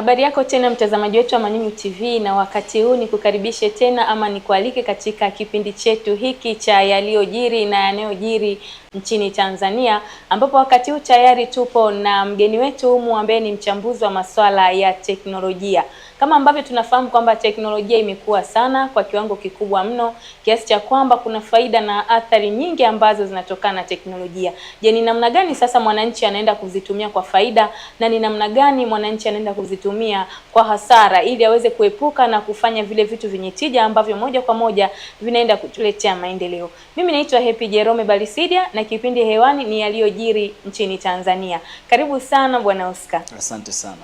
Habari yako tena mtazamaji wetu wa Manyunyu TV, na wakati huu nikukaribishe tena ama nikualike katika kipindi chetu hiki cha yaliyojiri na yanayojiri nchini Tanzania, ambapo wakati huu tayari tupo na mgeni wetu humu ambaye ni mchambuzi wa masuala ya teknolojia kama ambavyo tunafahamu kwamba teknolojia imekuwa sana kwa kiwango kikubwa mno kiasi cha kwamba kuna faida na athari nyingi ambazo zinatokana na teknolojia. Je, ni namna gani sasa mwananchi anaenda kuzitumia kwa faida na ni namna gani mwananchi anaenda kuzitumia kwa hasara ili aweze kuepuka na kufanya vile vitu vyenye tija ambavyo moja kwa moja vinaenda kutuletea maendeleo. Mimi naitwa Happy Jerome Balisidia na kipindi hewani ni yaliyojiri nchini Tanzania. Karibu sana Bwana Oscar. Asante sana.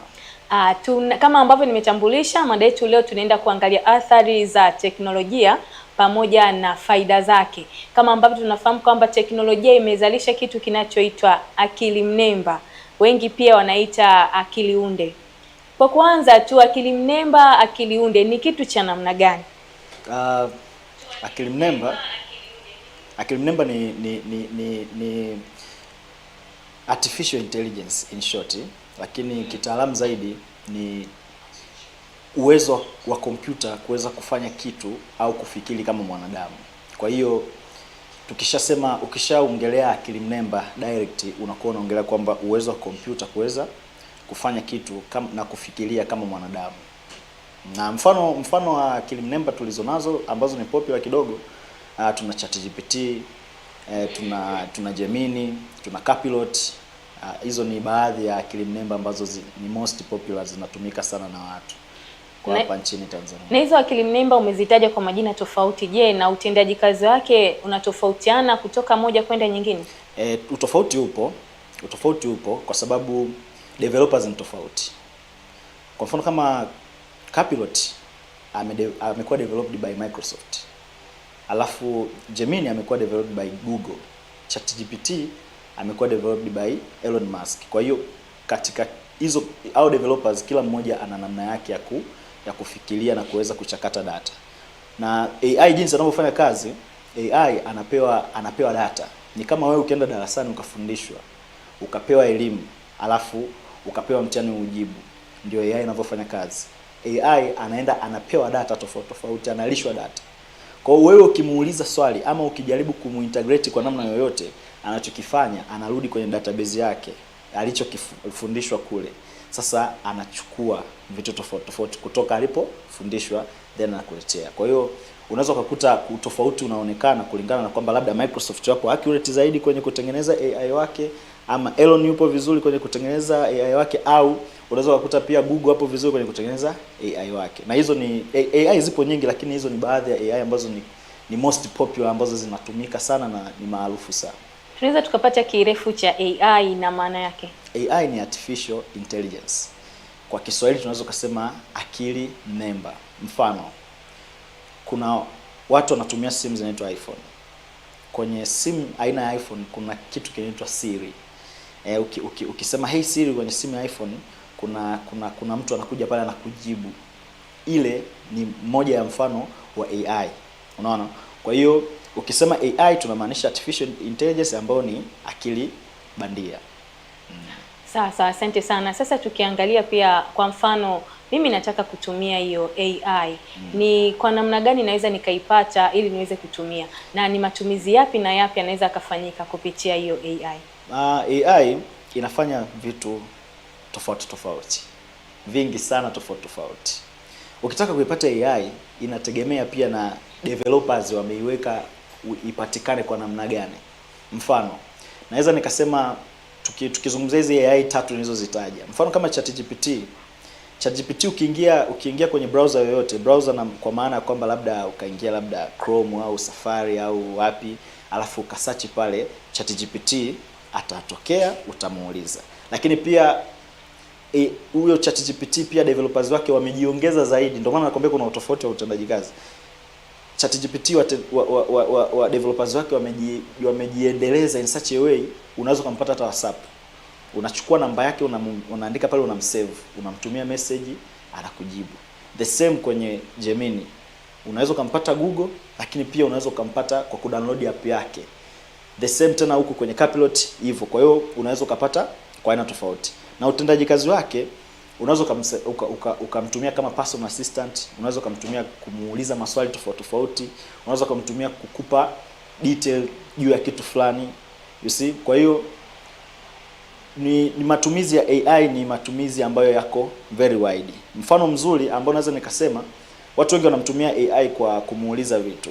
Uh, tuna, kama ambavyo nimetambulisha mada yetu leo tunaenda kuangalia athari za teknolojia pamoja na faida zake. Kama ambavyo tunafahamu kwamba teknolojia imezalisha kitu kinachoitwa akili mnemba, wengi pia wanaita akili unde. Kwa kwanza tu, akili mnemba, akili unde ni kitu cha namna gani? Uh, akili mnemba, akili mnemba ni, ni, ni, ni, ni artificial intelligence in short lakini kitaalamu zaidi ni uwezo wa kompyuta kuweza kufanya kitu au kufikiri kama mwanadamu. Kwa hiyo tukishasema, ukishaongelea akili mnemba direct, unakuwa unaongelea kwamba uwezo wa kompyuta kuweza kufanya kitu kama, na kufikiria kama mwanadamu. Na mfano mfano wa akili mnemba tulizo nazo ambazo ni popular kidogo, ah, tuna ChatGPT, eh, tuna tuna Gemini, tuna Copilot Ah, hizo uh, ni baadhi ya akili mnemba ambazo zi, ni most popular zinatumika sana na watu kwa hapa nchini Tanzania. Na hizo akili mnemba umezitaja kwa majina tofauti. Je, na utendaji kazi wake unatofautiana kutoka moja kwenda nyingine? E, utofauti upo, utofauti upo kwa sababu developers ni tofauti. Kwa mfano kama Copilot amekuwa developed by Microsoft, alafu Gemini amekuwa developed by Google, ChatGPT amekuwa developed by Elon Musk. Kwa hiyo katika hizo au developers, kila mmoja ana namna yake ya, ku, ya kufikiria na kuweza kuchakata data, na AI jinsi anavyofanya kazi, AI anapewa anapewa data. Ni kama wewe ukienda darasani ukafundishwa ukapewa elimu alafu ukapewa mtihani ujibu, ndio AI inavyofanya kazi. AI anaenda anapewa data tofauti tofauti, analishwa data. Kwa hiyo wewe ukimuuliza swali ama ukijaribu kumuintegrate kwa namna yoyote anachokifanya anarudi kwenye database yake alichokifundishwa kule. Sasa anachukua vitu tofauti tofauti kutoka alipofundishwa then anakuletea. Kwa hiyo unaweza ukakuta utofauti unaonekana kulingana na kwamba labda Microsoft wako accurate zaidi kwenye kutengeneza AI wake ama Elon yupo vizuri kwenye kutengeneza AI wake au unaweza ukakuta pia Google hapo vizuri kwenye kutengeneza AI wake. Na hizo ni AI zipo nyingi, lakini hizo ni baadhi ya AI ambazo ni, ni most popular ambazo zinatumika sana na ni maarufu sana tunaweza tukapata kirefu cha AI na maana yake? AI ni artificial intelligence, kwa Kiswahili tunaweza kusema akili mnemba. Mfano, kuna watu wanatumia simu zinaitwa iPhone. Kwenye simu aina ya iPhone kuna kitu kinaitwa Siri. E, uki, uki, ukisema hey Siri kwenye simu ya iPhone kuna kuna kuna mtu anakuja pale anakujibu. Ile ni moja ya mfano wa AI, unaona. Kwa hiyo Ukisema AI tunamaanisha artificial intelligence ambayo ni akili bandia. Mm. Sasa asante sana. Sasa tukiangalia pia kwa mfano mimi nataka kutumia hiyo AI mm. Ni kwa namna gani naweza nikaipata ili niweze kutumia na ni matumizi yapi na yapi anaweza akafanyika kupitia hiyo AI? Uh, ah, AI inafanya vitu tofauti tofauti vingi sana tofauti tofauti. Ukitaka kuipata AI inategemea pia na developers wameiweka ipatikane kwa namna gani? Mfano, naweza nikasema tukizungumzia tuki hizi AI tatu nilizozitaja, mfano kama ChatGPT. ChatGPT ukiingia ukiingia kwenye browser yoyote browser na, kwa maana ya kwamba labda ukaingia labda Chrome au Safari au wapi, alafu ukasachi pale ChatGPT atatokea, utamuuliza. Lakini pia e, huyo e, ChatGPT pia developers wake wamejiongeza zaidi, ndio maana nakwambia kuna utofauti wa utendaji kazi. ChatGPT wa, wa, wa, wa, wa developers wake wameji, wamejiendeleza in such a way, unaweza ukampata hata WhatsApp. Unachukua namba yake unaandika pale, unamsave, unamtumia message, anakujibu. The same kwenye Gemini, unaweza ukampata Google, lakini pia unaweza ukampata kwa kudownload app yake. The same tena huko kwenye Copilot hivyo. Kwa hiyo unaweza ukapata kwa aina tofauti na utendaji kazi wake unaweza ukamtumia uka, uka, uka kama personal assistant, unaweza ukamtumia kumuuliza maswali tofauti tofauti, unaweza ukamtumia kukupa detail juu ya kitu fulani, you see. Kwa hiyo ni, ni matumizi ya AI ni matumizi ambayo yako very wide. Mfano mzuri ambao naweza nikasema watu wengi wanamtumia AI kwa kumuuliza vitu,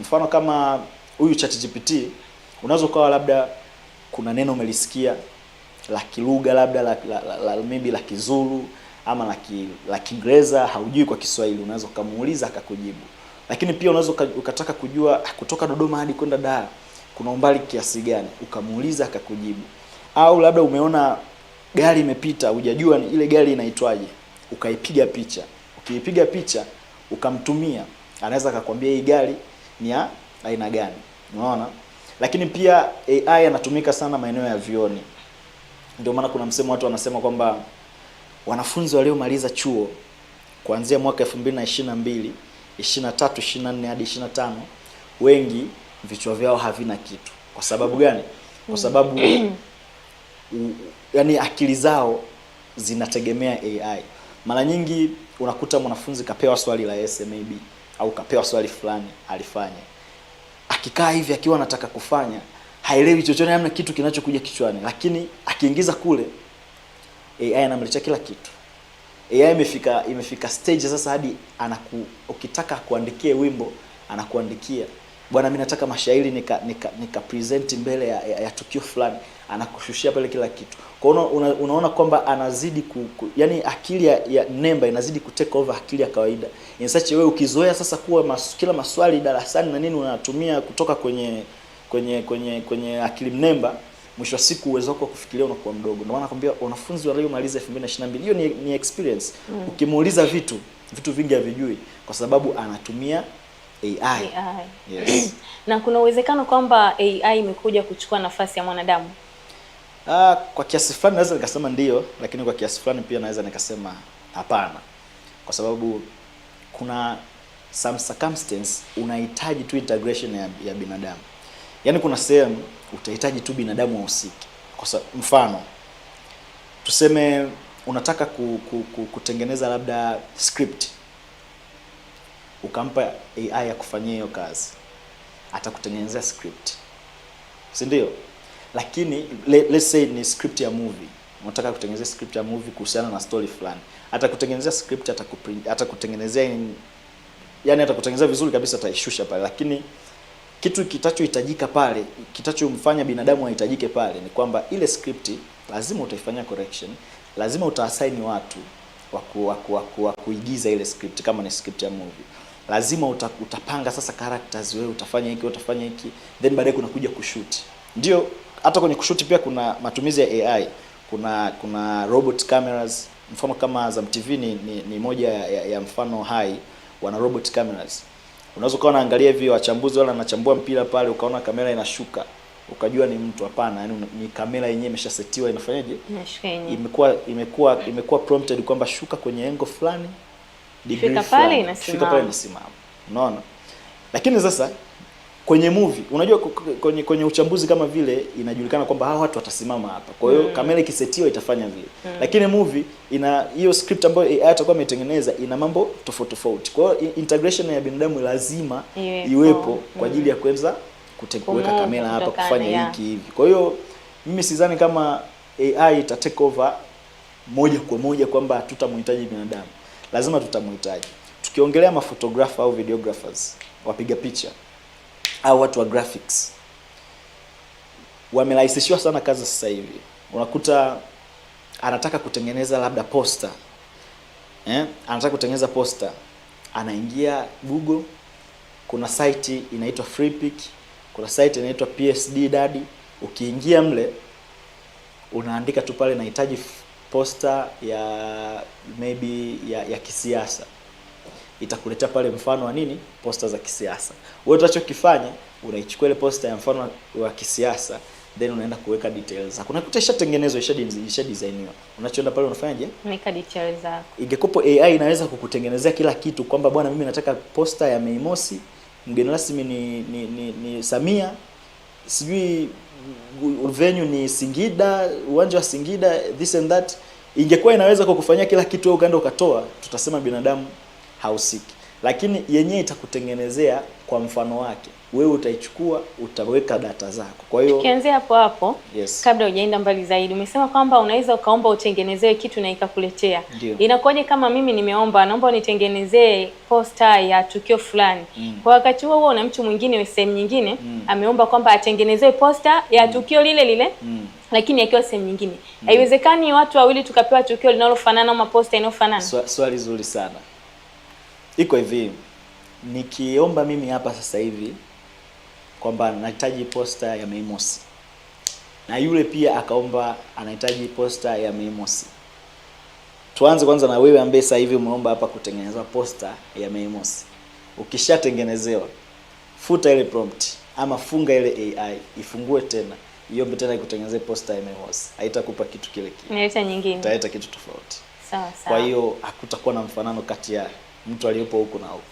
mfano kama huyu ChatGPT, unaweza ukawa labda kuna neno umelisikia la Kilugha labda la, la, la, la, maybe la Kizulu ama la, ki, la Kiingereza haujui kwa Kiswahili, unaweza ukamuuliza akakujibu. Lakini pia unaweza ukataka kujua kutoka Dodoma hadi kwenda Dar kuna umbali kiasi gani, ukamuuliza akakujibu. Au labda umeona gari imepita, hujajua ile gari inaitwaje, ukaipiga picha. Ukiipiga picha ukamtumia, anaweza akakwambia hii gari ni ya aina gani, unaona. Lakini pia AI anatumika sana maeneo ya vioni. Ndio maana kuna msemo watu wanasema kwamba wanafunzi waliomaliza chuo kuanzia mwaka 2022, 23, 24 hadi 25 wengi vichwa vyao havina kitu. Kwa sababu gani? Kwa sababu mm. yani akili zao zinategemea AI. Mara nyingi unakuta mwanafunzi kapewa swali la maybe au kapewa swali fulani alifanye, akikaa hivi akiwa anataka kufanya haelewi chochote, hamna kitu kinachokuja kichwani, lakini akiingiza kule AI anamletea kila kitu. AI imefika imefika stage sasa hadi anaku ukitaka kuandikie wimbo anakuandikia, bwana, mimi nataka mashairi nika, nika, nika present mbele ya, ya, ya tukio fulani, anakushushia pale kila kitu. Kwa hiyo una, unaona kwamba anazidi ku, ku, yani akili ya, ya nemba inazidi ku take over akili ya kawaida in such a way, ukizoea sasa kuwa mas, kila maswali darasani na nini unatumia kutoka kwenye kwenye kwenye kwenye akili mnemba, mwisho wa siku uwezo wako wa kufikiria unakuwa mdogo. Ndio maana nakwambia wanafunzi waliomaliza 2022 hiyo ni, ni experience mm. Ukimuuliza vitu vitu vingi havijui kwa sababu anatumia AI. AI. Yes. na kuna uwezekano kwamba AI imekuja kuchukua nafasi ya mwanadamu? Ah, kwa kiasi fulani naweza nikasema ndio, lakini kwa kiasi fulani pia naweza nikasema hapana, kwa sababu kuna some circumstance unahitaji tu integration ya, ya binadamu Yaani kuna sehemu utahitaji tu binadamu wahusike. Kwa mfano tuseme unataka ku, ku, ku, kutengeneza labda script ukampa AI ya kufanyia hiyo kazi, atakutengenezea script, si ndio? Lakini le, let's say ni script ya movie, unataka kutengenezea script ya movie kuhusiana na story fulani, atakutengenezea script, atakutengenezea, yani atakutengenezea vizuri kabisa, ataishusha pale, lakini kitu kitachohitajika pale, kitachomfanya binadamu ahitajike pale ni kwamba ile script lazima utaifanya correction, lazima utaassign watu wa waku, waku, waku, kuigiza ile script kama ni script ya movie lazima uta, utapanga sasa characters, wewe utafanya hiki utafanya hiki, then baadaye kuna kuja kushoot. Ndio hata kwenye kushoot pia kuna matumizi ya AI, kuna kuna robot cameras. Mfano kama Azam TV ni, ni, ni moja ya, ya mfano hai, wana robot cameras Unaweza ukawa unaangalia hivi wachambuzi wala anachambua mpira pale, ukaona kamera inashuka, ukajua ni mtu. Hapana, yani ni kamera yenyewe imeshasetiwa, inafanyaje, imekuwa imekuwa imekuwa prompted kwamba shuka kwenye engo fulani, degree fulani, shuka pale inasimama, unaona. Lakini sasa kwenye movie unajua kwenye, kwenye uchambuzi kama vile inajulikana kwamba hawa watu watasimama hapa, kwa hiyo mm. kamera ikisetiwa itafanya vile mm. lakini movie ina hiyo script ambayo AI atakuwa ametengeneza ina mambo tofauti tofauti, kwa hiyo integration ya binadamu lazima yeah. iwepo oh. kwa mm. ajili ya kuweza kuweka kamera hapa kufanya hiki hivi. Kwa hiyo mimi sidhani kama AI ita take over moja kwa moja kwamba tutamhitaji binadamu, lazima tutamhitaji. Tukiongelea mafotografa au videographers, wapiga picha au watu wa graphics wamerahisishiwa sana kazi sasa hivi. Unakuta anataka kutengeneza labda posta eh, anataka kutengeneza posta anaingia Google. Kuna site inaitwa Freepik, kuna site inaitwa PSD dadi Ukiingia mle unaandika tu pale, nahitaji posta ya maybe ya, ya kisiasa itakuletea pale mfano wa nini, posta za kisiasa. Wewe utachokifanya unaichukua ile posta ya mfano wa kisiasa, then unaenda kuweka details zako. Unakuta ishatengenezwa, isha designiwa. Unachoenda pale unafanyaje? Unaweka details zako. Ingekupo AI inaweza kukutengenezea kila kitu kwamba bwana, mimi nataka posta ya Mei Mosi, mgeni rasmi ni, ni, ni, ni Samia, sijui venue ni Singida, uwanja wa Singida, this and that. Ingekuwa inaweza kukufanyia kila kitu, wewe ukaenda ukatoa, tutasema binadamu hausiki, lakini yenyewe itakutengenezea kwa mfano wake, wewe utaichukua utaweka data zako. Kwa hiyo tukianzia hapo hapo, yes. Kabla hujaenda mbali zaidi, umesema kwamba unaweza ukaomba utengenezee kitu na ikakuletea. Inakuwaje kama mimi nimeomba, naomba unitengenezee posta ya tukio fulani mm. Kwa wakati huo huo na mtu mwingine sehemu nyingine mm. ameomba kwamba atengenezee posta ya mm. tukio lile lile mm lakini akiwa sehemu nyingine mm. haiwezekani. mm. Watu wawili tukapewa tukio linalofanana ama posta inayofanana. Swali zuri sana iko hivi, nikiomba mimi hapa sasa hivi kwamba nahitaji posta ya Mei Mosi, na yule pia akaomba anahitaji posta ya Mei Mosi. Tuanze kwanza na wewe ambaye sasa hivi umeomba hapa kutengeneza posta ya Mei Mosi. Ukishatengenezewa, futa ile prompt ama funga ile AI, ifungue tena iombe tena ikutengenezee posta ya Mei Mosi. Haitakupa kitu kile kile, italeta nyingine, italeta kitu tofauti. Sawa sawa. Kwa hiyo hakutakuwa na mfanano kati ya mtu aliyepo huku na huku.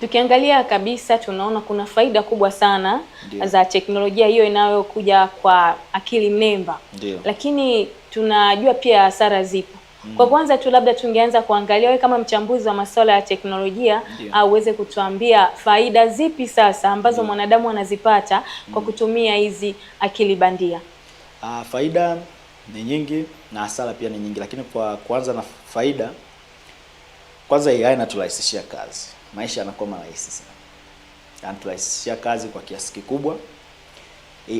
Tukiangalia kabisa tunaona kuna faida kubwa sana Ndiyo. za teknolojia hiyo inayokuja kwa akili mnemba lakini tunajua pia hasara zipo. Mm. Kwa kwanza tu labda tungeanza kuangalia wewe kama mchambuzi wa masuala ya teknolojia au uweze kutuambia faida zipi sasa ambazo Ndiyo. Mm. mwanadamu anazipata mm. kwa kutumia hizi akili bandia. Aa, ah, faida ni nyingi na hasara pia ni nyingi, lakini kwa kwanza na faida kwanza AI inaturahisishia kazi, maisha yanakuwa marahisi sana, anaturahisishia kazi kwa kiasi kikubwa.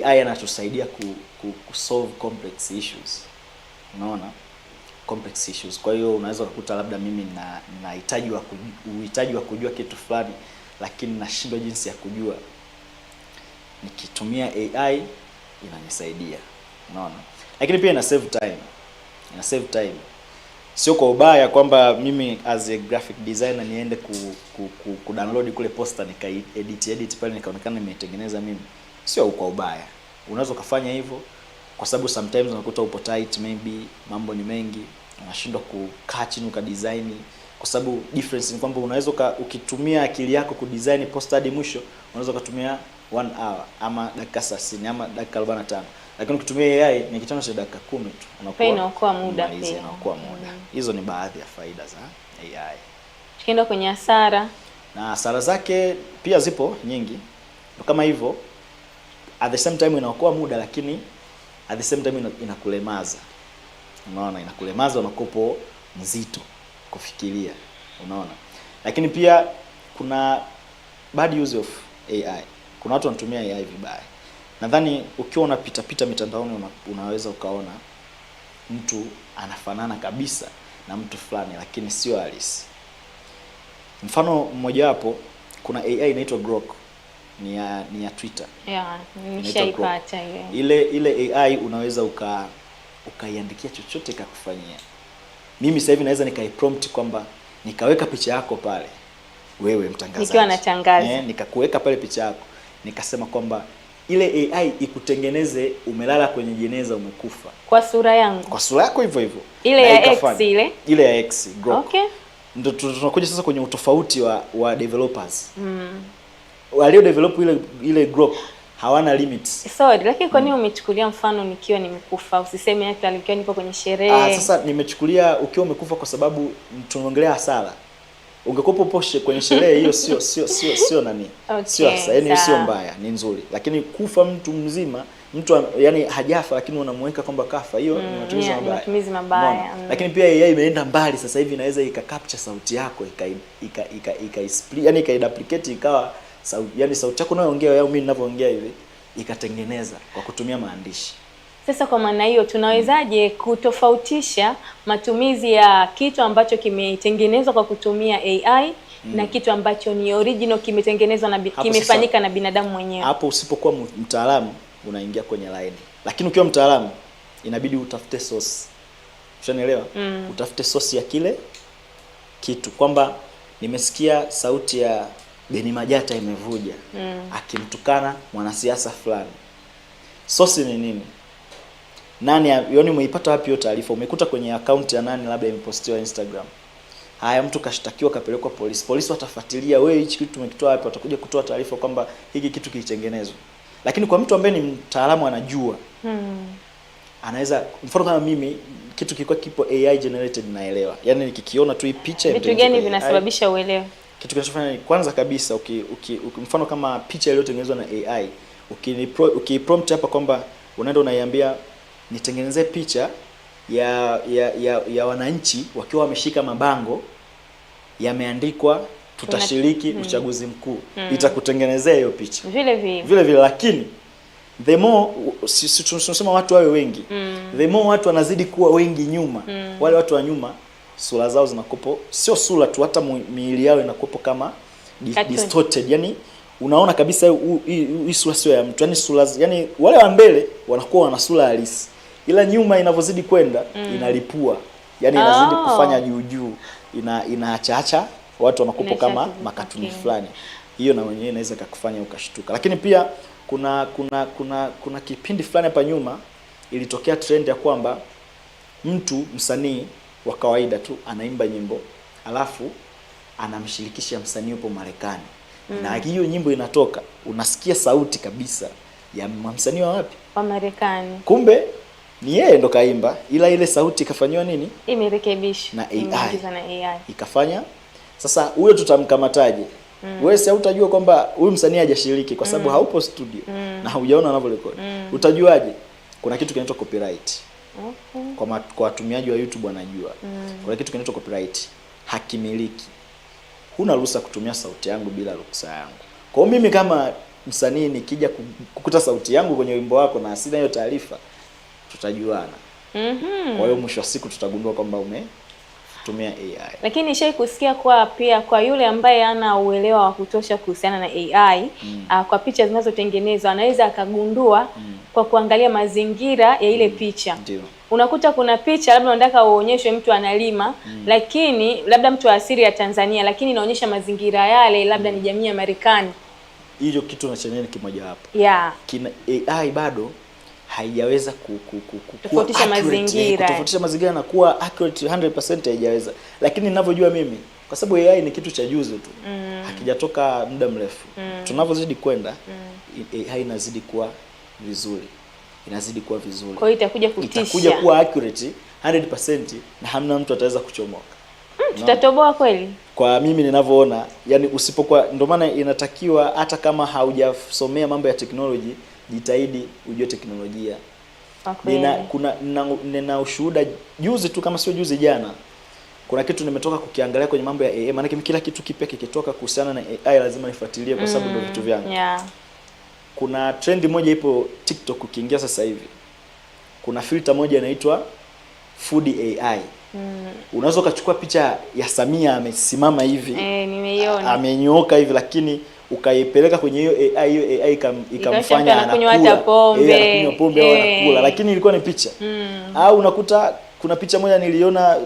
AI anatusaidia ku, ku, ku solve complex issues, unaona complex issues. Kwa hiyo unaweza kukuta labda mimi na nahitaji wa uhitaji wa kujua kitu fulani, lakini nashindwa jinsi ya kujua. Nikitumia AI inanisaidia, unaona, lakini pia ina save time, ina save time sio kwa ubaya kwamba mimi as a graphic designer niende ku, ku, ku, ku download kule poster nika edit edit pale nikaonekana nimetengeneza mimi, sio kwa ubaya, unaweza ukafanya hivyo, kwa sababu sometimes unakuta upo tight, maybe mambo ni mengi, unashindwa kukaa chini ukadesign, kwa sababu difference ni kwamba unaweza ukitumia akili yako kudesign poster hadi mwisho, unaweza ukatumia one hour ama dakika 30 ama dakika tano lakini ukitumia AI ni kitano cha dakika kumi tu, unakuwa inaokoa muda pia, inaokoa muda. Mm. Hizo ni baadhi ya faida za AI. Tukienda kwenye hasara, na hasara zake pia zipo nyingi kama hivyo, at the same time inaokoa muda, lakini at the same time inakulemaza. Unaona, inakulemaza, unakopo mzito kufikiria, unaona. Lakini pia kuna bad use of AI. Kuna watu wanatumia AI vibaya. Nadhani ukiwa unapita pita mitandaoni una, unaweza ukaona mtu anafanana kabisa na mtu fulani lakini sio halisi. Mfano mmojawapo kuna AI inaitwa Grok ni ya, ni ya Twitter. Yeah, Ile ile AI unaweza uka ukaiandikia chochote kakufanyia Mimi sasa hivi naweza prompt kwamba nikaweka picha yako pale wewe mtangazaji. Nikiwa natangaza. Eh, nikakuweka pale picha yako nikasema kwamba ile AI ikutengeneze umelala kwenye jeneza umekufa, kwa sura yangu, kwa sura yako hivyo hivyo, ile ya X ile ile ya X Grok. Okay, ndio tunakuja sasa kwenye utofauti wa wa developers mm. walio develop ile ile Grok hawana limits. Sorry, lakini kwa nini mm. umechukulia mfano nikiwa nimekufa? Usiseme hata nikiwa nipo kwenye sherehe. Ah, sasa nimechukulia ukiwa umekufa kwa sababu sabaongelea hasara ungekopo poshe kwenye sherehe hiyo, sio sio sio sio nani, okay, sio yani sio mbaya, ni nzuri, lakini kufa mtu mzima mtu yani hajafa lakini unamweka kwamba kafa, hiyo mm, ni matumizi yeah, mabaya, matumizi mabaya. Mm. Lakini pia AI imeenda mbali sasa hivi, inaweza capture sauti yako ika ika ika, ika yaani ika yani duplicate ikawa sauti, yani sauti yako unayoongea au mimi ninavyoongea hivi ikatengeneza kwa kutumia maandishi. Sasa kwa maana hiyo, tunawezaje kutofautisha matumizi ya kitu ambacho kimetengenezwa kwa kutumia AI Mm. na kitu ambacho ni original kimetengenezwa na kimefanyika na binadamu mwenyewe. Hapo usipokuwa mtaalamu unaingia kwenye laini, lakini ukiwa mtaalamu inabidi utafute source, ushanielewa? mm. Utafute source ya kile kitu, kwamba nimesikia sauti ya Beni Majata imevuja mm. akimtukana mwanasiasa fulani, source ni nini? nani, yoni yaani umeipata wapi hiyo taarifa? Umekuta kwenye akaunti ya nani, labda imepostiwa Instagram. Haya, mtu kashtakiwa, kapelekwa polisi, polisi watafuatilia, wewe hichi kitu tumekitoa wapi? Watakuja kutoa taarifa kwamba hiki kitu kilitengenezwa. Lakini kwa mtu ambaye ni mtaalamu anajua hmm. anaweza mfano kama mimi kitu kilikuwa kipo AI generated naelewa, yaani nikikiona tu hii picha. Vitu gani vinasababisha uelewe? Kitu kinachofanya ni kwanza kabisa uki, uki, uki, mfano kama picha iliyotengenezwa na AI ukiprompt uki hapa kwamba unaenda unaiambia nitengeneze picha ya ya, ya ya wananchi wakiwa wameshika mabango yameandikwa tutashiriki mm. uchaguzi mkuu mm. itakutengenezea hiyo picha vile vile, vile vile, lakini the more si tunasema watu wawe wengi mm. the more watu wanazidi kuwa wengi nyuma mm. wale watu wa nyuma sura zao zinakopo, sio sura tu, hata miili yao inakopo kama di, distorted, yani unaona kabisa hii sura sio ya mtu, yani sura, yani wale wa mbele wanakuwa wana sura halisi ila nyuma inavyozidi kwenda mm. inalipua, yani inazidi oh. kufanya juu juu, ina inaachaacha watu wanakupa kama makatuni okay. fulani. Hiyo na wenyewe inaweza kukufanya ukashtuka, lakini pia kuna kuna kuna kuna kipindi fulani hapa nyuma ilitokea trend ya kwamba mtu msanii wa kawaida tu anaimba nyimbo alafu anamshirikisha msanii upo Marekani mm. na hiyo nyimbo inatoka, unasikia sauti kabisa ya msanii wa wapi, wa Marekani, kumbe ni yeye ndo kaimba, ila ile sauti ikafanywa nini, imerekebishwa na mm, AI, na AI ikafanya. Sasa huyo tutamkamataje? Mm. Wewe si utajua kwamba huyu msanii hajashiriki kwa sababu mm. haupo studio mm. na haujaona anavyorekodi mm. utajuaje? Kuna kitu kinaitwa copyright okay. Kwa kwa watumiaji wa YouTube wanajua mm. kuna kitu kinaitwa copyright, hakimiliki. Huna ruhusa kutumia sauti yangu bila ruhusa yangu. Kwa hiyo mimi kama msanii nikija kukuta sauti yangu kwenye wimbo wako na asina hiyo taarifa tutajuana. mm -hmm. Kwa hiyo mwisho wa siku tutagundua kwamba tumia AI. Lakini nishai kusikia kwa pia kwa yule ambaye ana uelewa wa kutosha kuhusiana na AI mm. uh, kwa picha zinazotengenezwa anaweza akagundua mm. kwa kuangalia mazingira ya ile mm. picha Ndiyo. Unakuta kuna picha labda unataka uonyeshwe mtu analima mm. lakini labda mtu wa asili ya Tanzania, lakini inaonyesha mazingira yale labda mm. ni jamii ya Marekani. Hiyo kitu na kimoja hapo yeah. Kina AI bado haijaweza kutofautisha mazingira, kutofautisha mazingira na kuwa accurate 100% haijaweza, lakini ninavyojua mimi kwa sababu AI ni kitu cha juzi tu mm. hakijatoka muda mrefu mm. tunavyozidi kwenda mm. AI inazidi kuwa vizuri, inazidi kuwa vizuri, kwa hiyo itakuja kutisha, itakuja kuwa accurate 100% na hamna mtu ataweza kuchomoka mm, tutatoboa kweli. Kwa mimi ninavyoona, yani usipokuwa, ndio maana inatakiwa hata kama haujasomea mambo ya technology jitahidi ujue teknolojia. Nina kuna nina ushuhuda juzi tu kama sio juzi jana, kuna kitu nimetoka kukiangalia kwenye mambo ya AI, maana kila kitu kipya kikitoka kuhusiana na AI lazima nifuatilie kwa sababu ndio mm, vitu vyangu. Yeah. Kuna trend moja ipo TikTok ukiingia sasa hivi. Kuna filter moja inaitwa Food AI. Mm. Unaweza ukachukua picha ya Samia amesimama hivi. Eh, nimeiona. Amenyooka hivi lakini ukaipeleka kwenye hiyo AI, hiyo AI ikamfanya anakunywa pombe e, anakunywa pombe au e, anakula, lakini ilikuwa ni picha mm. Au unakuta kuna picha moja niliona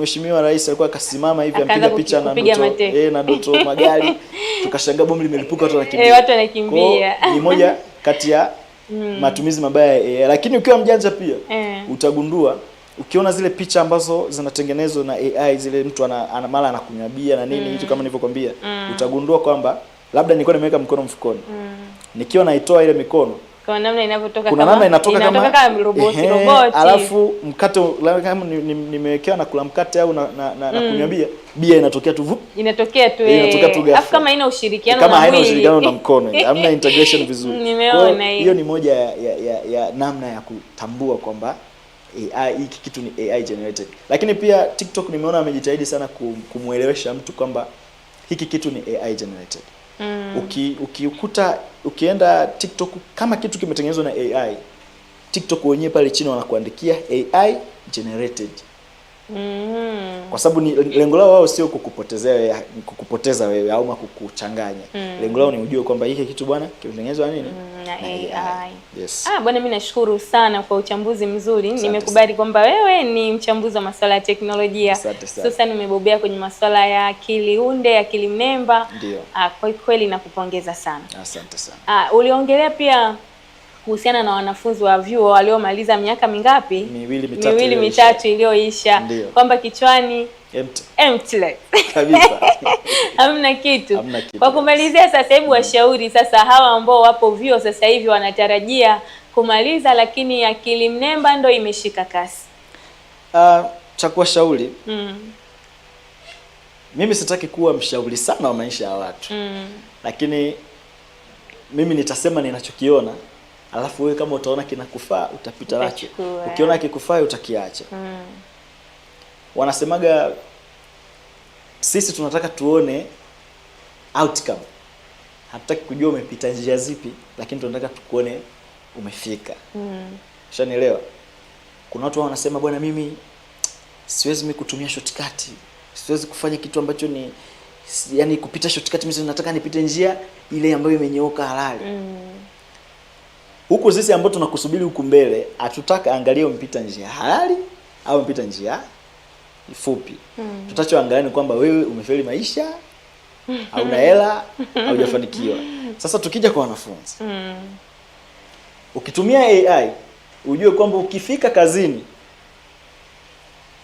Mheshimiwa Rais alikuwa akasimama hivi ampiga picha na Doto eh, na Doto Magari, tukashangaa bomu limelipuka, watu wanakimbia, Eh, watu wanakimbia. Ni moja kati ya mm. matumizi mabaya eh, lakini ukiwa mjanja pia eh, utagundua ukiona zile picha ambazo zinatengenezwa na AI zile mtu ana, ana mara anakunyabia na nini mm. kitu kama nilivyokuambia mm. utagundua kwamba labda nilikuwa nimeweka mkono mfukoni mm. nikiwa naitoa ile mikono kwa namna inavyotoka kuna namna inatoka kama, kama, kama roboti roboti, alafu mkate kama nimewekewa na kula mkate au na na, na, mm. na kunywa bia inatokea tu vup inatokea tu eh. inatokea tu alafu kama haina ushirikiano kama haina ushirikiano na mkono hamna integration vizuri. Nimeona hiyo ni moja ya, ya, ya, ya namna ya kutambua kwamba AI hiki kitu ni AI generated, lakini pia TikTok nimeona amejitahidi sana kumuelewesha mtu kwamba hiki kitu ni AI generated mm. Uki, ukiukuta ukienda TikTok kama kitu kimetengenezwa na AI, TikTok wenyewe pale chini wanakuandikia AI generated Mm. Kwa sababu ni lengo lao wao sio kukupotezea wewe, kukupoteza wewe au kukuchanganya. Mm. Lengo lao ni ujue kwamba hiki kitu bwana kimetengenezwa nini? Mm, na AI. AI. Yes. Ah, bwana mimi nashukuru sana kwa uchambuzi mzuri. Nimekubali kwamba wewe ni mchambuzi wa masuala ya teknolojia. Sasa nimebobea kwenye masuala ya akili unde, akili mnemba. Ndio. Ah, kwa kweli nakupongeza sana. Asante sana. Ah, uliongelea pia kuhusiana na wanafunzi wa vyuo waliomaliza miaka mingapi? Miwili mitatu, miwili mitatu iliyoisha, kwamba kichwani Empty. Empty. Kabisa. Hamna kitu, hamna kitu. Kwa kumalizia sasa hebu mm. washauri sasa hawa ambao wapo vyuo sasa hivi wanatarajia kumaliza lakini akili mnemba ndo imeshika kasi. Uh, cha kuwashauri mm. Mimi sitaki kuwa mshauri sana wa maisha ya watu mm. Lakini mimi nitasema ninachokiona alafu wewe kama utaona kinakufaa utapita nacho, ukiona kikufaa utakiacha. Mm. Wanasemaga sisi tunataka tuone outcome, hatutaki kujua umepita njia zipi, lakini tunataka tukuone umefika. Mm. Shanielewa, Kuna watu wanasema bwana, mimi siwezi mimi kutumia shortcut, siwezi kufanya kitu ambacho ni yani kupita shortcut, mimi nataka nipite njia ile ambayo imenyooka halali. Mm huku sisi ambao tunakusubiri huku mbele, hatutaka angalia umepita njia halali au umepita njia fupi. hmm. Tutachoangalia ni kwamba wewe umefeli maisha, hauna hela, haujafanikiwa. Sasa tukija kwa wanafunzi. hmm. Ukitumia AI ujue kwamba ukifika kazini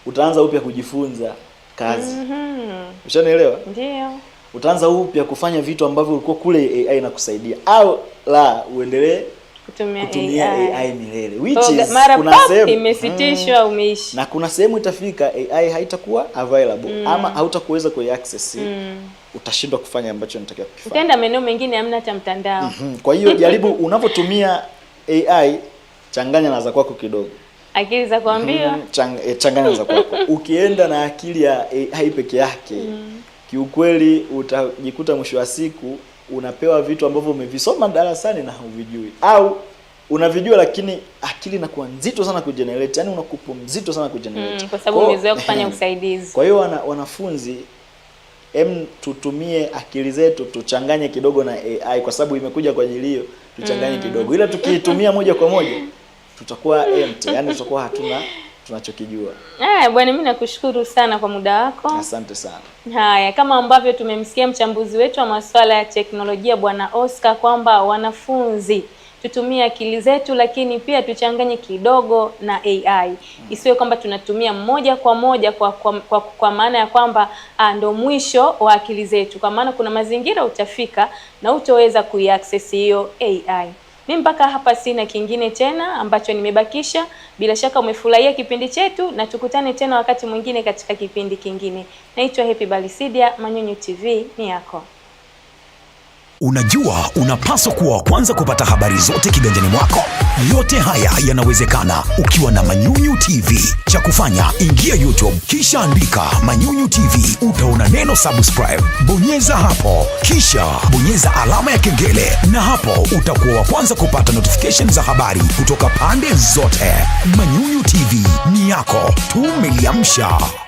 utaanza upya kujifunza kazi. Mm -hmm. Ushanielewa? Ndio. Utaanza upya kufanya vitu ambavyo ulikuwa kule AI inakusaidia au la uendelee kutumia, kutumia AI, AI milele which so, is mara kuna sehemu imesitishwa mm, umeishi na kuna sehemu itafika AI haitakuwa available mm, ama hautakuweza ku access mm, utashindwa kufanya ambacho unatakiwa kukifanya, utaenda maeneo mengine hamna hata mtandao mm -hmm. Kwa hiyo jaribu unavyotumia AI changanya na za kwako kidogo akili za kuambia mm -hmm. Chang, eh, changanya za kwako ukienda na akili ya AI peke yake mm, kiukweli utajikuta mwisho wa siku unapewa vitu ambavyo umevisoma darasani na hauvijui au unavijua lakini akili inakuwa nzito sana kujenerate, yani unakupo mzito sana kujenerate mm, kwa sababu umezoea kufanya usaidizi. Kwa hiyo wana, wanafunzi em, tutumie akili zetu tuchanganye kidogo na AI kwa sababu imekuja kwa ajili hiyo, tuchanganye mm, kidogo, ila tukiitumia moja kwa moja tutakuwa empty, yani tutakuwa hatuna tunachokijua. Eh, bwana mimi nakushukuru sana kwa muda wako. Asante sana. Haya, kama ambavyo tumemsikia mchambuzi wetu wa masuala ya teknolojia bwana Oscar kwamba wanafunzi tutumie akili zetu, lakini pia tuchanganye kidogo na AI hmm. Isiwe kwamba tunatumia moja kwa moja kwa, kwa, kwa, kwa maana ya kwamba ah, ndo mwisho wa akili zetu, kwa maana kuna mazingira utafika na utoweza kuiaccess hiyo AI. Mimi mpaka hapa sina kingine tena ambacho nimebakisha. Bila shaka umefurahia kipindi chetu, na tukutane tena wakati mwingine katika kipindi kingine. Naitwa Happy Balisidia, Manyunyu TV ni yako. Unajua, unapaswa kuwa wa kwanza kupata habari zote kiganjani mwako. Yote haya yanawezekana ukiwa na Manyunyu TV cha kufanya, ingia YouTube kisha andika Manyunyu TV, utaona neno subscribe, bonyeza hapo, kisha bonyeza alama ya kengele, na hapo utakuwa wa kwanza kupata notification za habari kutoka pande zote. Manyunyu TV ni yako, tumeliamsha.